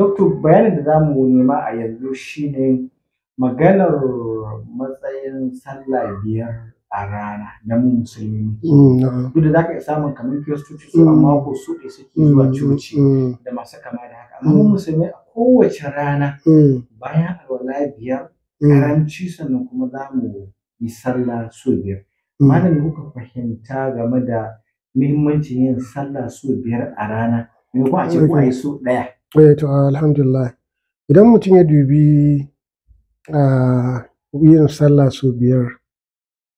Doctor bayanin da zamu nema a yanzu shine maganar matsayin sallah biyar a rana na musulmi. Mm, Duk da za ka iya samun kamar kiristoci su amma mm. ko su ke suke zuwa mm, coci da masu kama da haka. Amma musulmi a kowace rana bayan alwala biyar karanci sannan kuma zamu yi sallah so biyar. Malam kuka fahimta game da muhimmancin yin sallah so biyar a rana. Me kuma a ce ko a yi so ɗaya. eh to alhamdulillah idan mutum ya dubi a ah, yin sallah su biyar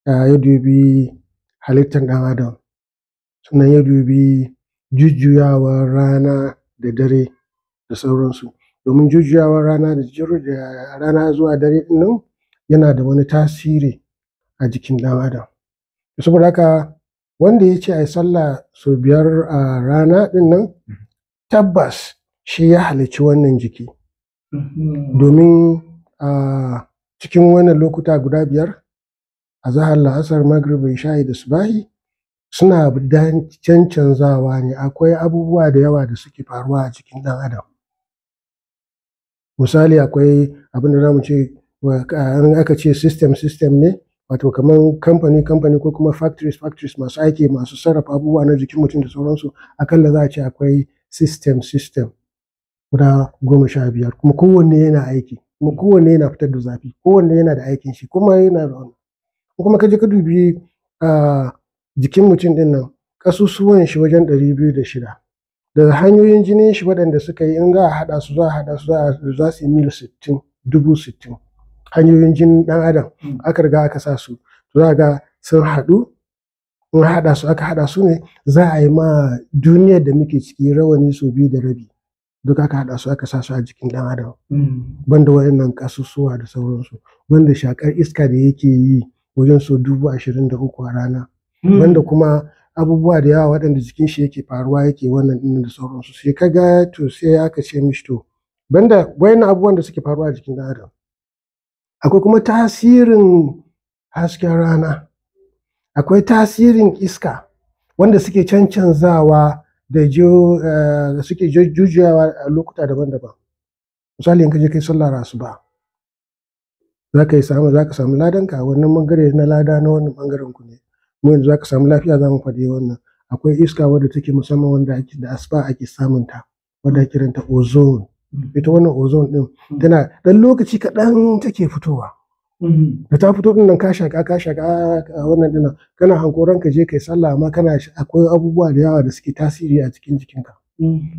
ah, ya dubi halittar ɗan adam sannan ya dubi jujjuyawar rana da dare da sauransu domin jujjuyawar rana da rana zuwa dare nan yana da wani tasiri a jikin ɗan adam saboda haka wanda ya ce a yi sallah su biyar a rana ɗinnan, nan mm-hmm. tabbas shi ya halici wannan jiki mm-hmm. domin a cikin wannan lokuta guda biyar a zahar la'asar magribi sha'i da subahi suna canzawa ne akwai abubuwa da yawa da suke faruwa a cikin ɗan adam misali akwai abin da mu ce an aka ce system system ne wato kamar kamfani kamfani ko kuma factories factories masu aiki masu sarrafa abubuwa na jikin mutum da sauransu akalla za a ce akwai system system guda goma sha biyar kuma kowanne yana aiki kuma kowanne yana fitar da zafi kowanne yana da aikin shi kuma yana da wani kuma kaje kadubi ka dubi jikin mutum din nan kasusuwan shi wajen ɗari biyu da shida da hanyoyin jinin shi waɗanda suka yi in za a haɗa su za a haɗa su za su yi mil sittin dubu sittin hanyoyin jinin ɗan adam hmm. aka riga aka sa su za ga sun haɗu in haɗa su aka haɗa su ne za a yi ma duniyar da muke ciki rawani sau biyu da rabi duk aka haɗa su aka sa su a jikin ɗan adam hmm. banda wayannan kasusuwa da sauransu banda shakar iska da yake yi wajen so dubu ashirin da uku a rana hmm. banda kuma abubuwa da yawa waɗanda jikin shi yake faruwa yake wannan ɗin da sauransu sai ka ga to sai aka ce mishi to banda wayannan abubuwan da suke faruwa a jikin ɗan adam akwai kuma tasirin hasken rana akwai tasirin iska wanda suke cancanzawa Eh, da suke jujjuyawa a lokuta daban-daban misali yankin ka sallah kai sallar asuba za ka yi samu za ka samu ladan ka wannan bangare na lada na wannan bangaren ku ne mu za ka samu lafiya za mu faɗi wannan akwai iska wadda take musamman wanda ake da asuba ake samun ta wadda kiranta ozone ita wannan ozone din tana dan lokaci kaɗan take fitowa da ta fito din nan ka shaka ka shaka wannan dina kana hankoran ka je kai sallah amma kana akwai abubuwa da yawa da suke tasiri a cikin jikinka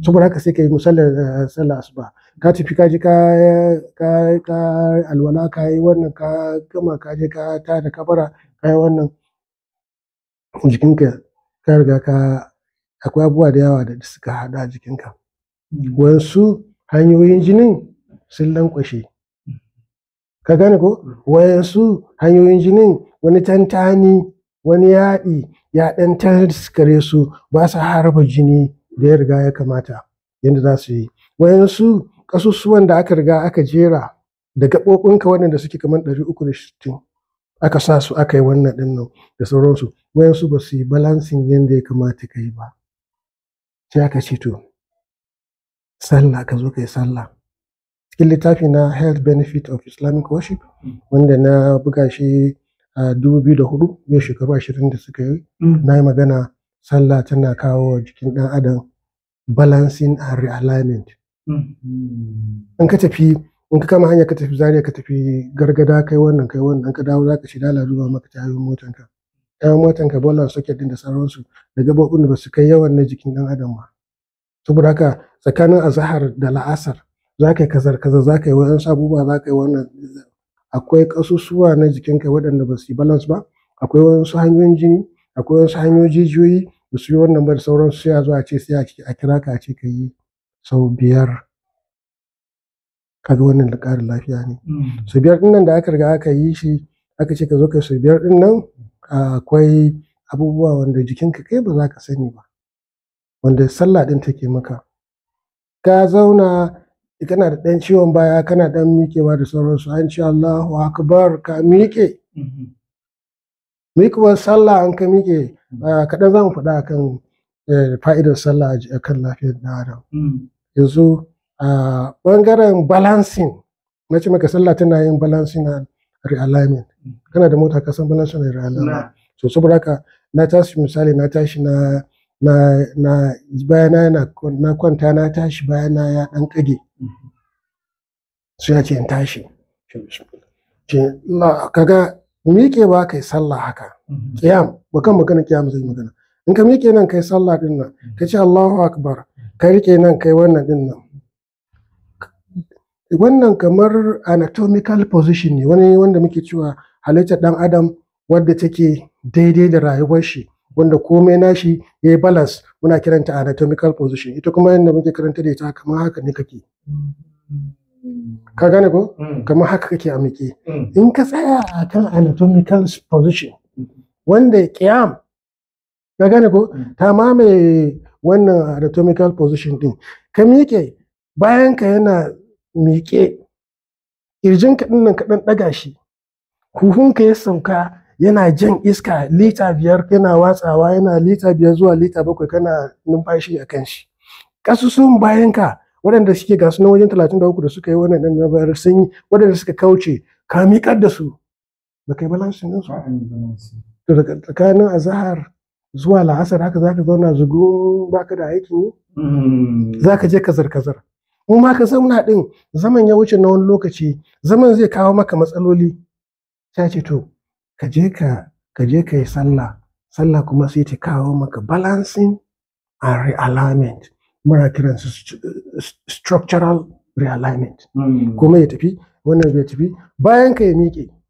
saboda haka sai kai musallar eh, sallah asuba ka tafi ka je ka ka ka alwala ka yi wannan ka gama ka je ka ta da kabara ka yi wannan jikinka ka riga ka akwai abubuwa da yawa da suka hada a jikinka mm. wasu hanyoyin jinin sun lankwashe ka gane ko mm. wayansu hanyoyin jinin wani tantani wani yaɗi ya ɗan taskare su ba su harba jini da ya riga ya kamata yadda za su yi wayansu ƙasusuwan da aka riga aka jera da gaɓoɓinka waɗanda suke kamar ɗari uku da sittin aka sa su aka yi wannan ɗin nan da sauransu wayansu ba su yi balansin yadda ya kamata ka yi ba sai aka ce to sallah ka zo ka yi sallah cikin littafi na health benefit of islamic worship wanda na buga shi a 2004 yau shekaru 20 da suka yi mm. na yi magana sallah tana kawo jikin dan adam balancing and realignment mm. in ka tafi in ka kama hanyar ka tafi zariya ka tafi gargada kai wannan kai wannan ka dawo za zaka shi dala zuwa maka ka. motanka motan motanka bolon socket din da sauransu da gabobin da su kai yawan na jikin dan adam ba saboda haka tsakanin azahar da la'asar za ka yi kasar kaza za ka yi wajen abubuwa za ka yi wannan akwai ƙasusuwa na jikinka waɗanda ba su yi balance ba akwai wasu hanyoyin jini akwai wasu hanyoyin jijiyoyi da su yi wannan ba da sauran su a zo a ce sai a kira ka a ce ka yi sau biyar kaga wannan da ƙarin lafiya ne hmm. sau biyar ɗin nan da aka riga aka yi shi aka ce ka zo kai sau biyar ɗin nan akwai abubuwa wanda jikinka kai ba za ka sani ba wanda sallah ɗin take maka ka zauna kana da ɗan ciwon baya kana ɗan miƙewa da sauransu an ce Allahu akbar ka miƙe mm-hmm. miƙewar sallah an ka miƙe mm-hmm. ah, ka za faɗa akan eh, fa'idar sallah a kan lafiyar da adam mm-hmm. yanzu a ah, ɓangaren balancing na ce maka sallah tana yin balancing and realignment kana da mota kasan san balancing and realignment to saboda haka na tashi misali na tashi na na na bayana na kwanta na tashi bayana ya ɗan kage Su ya ce in tashi ce kaga ba kai sallah haka kiyam kan magana kiyam zai magana in ka miƙe nan kai sallah din nan ka ce Allahu akbar ka riƙe nan kai wannan din nan wannan kamar anatomical position ne wani wanda muke cewa halittar dan adam wadda take daidai da rayuwar shi wanda komai nashi ya yi balance muna kiranta anatomical position ita kuma yadda muke karanta da ita kamar haka ne kake ka gane ko mm. kamar haka kake a miƙe mm. in ka tsaya a kan anatomical position wanda kiyam ka gane ko mm. ta mamaye wannan anatomical position din ka miƙe bayan ka yana miƙe ƙirjinka ka nan kaɗan ɗaga shi huhunka ya sauka yana jan iska lita biyar yana watsawa yana lita biyar zuwa lita bakwai kana numfashi a kan shi ƙasusun bayan ka waɗanda suke gasu na wajen 33 da suka yi wannan ɗan na bayar sun yi waɗanda suka kauce ka miƙar da su ba kai to daga tsakanin azahar zuwa la'asar haka za ka zauna zugu ba ka da aikin yi hmm. za ka je kazar-kazar mu ma ka zauna ɗin zaman ya wuce na wani lokaci zaman zai kawo maka matsaloli ta ce to ka je ka je ka yi sallah sallah kuma sai ta kawo maka balancing and realignment mara kiransu structural realignment hmm. kuma ya tafi wannan bai tafi bayan ka ya miƙe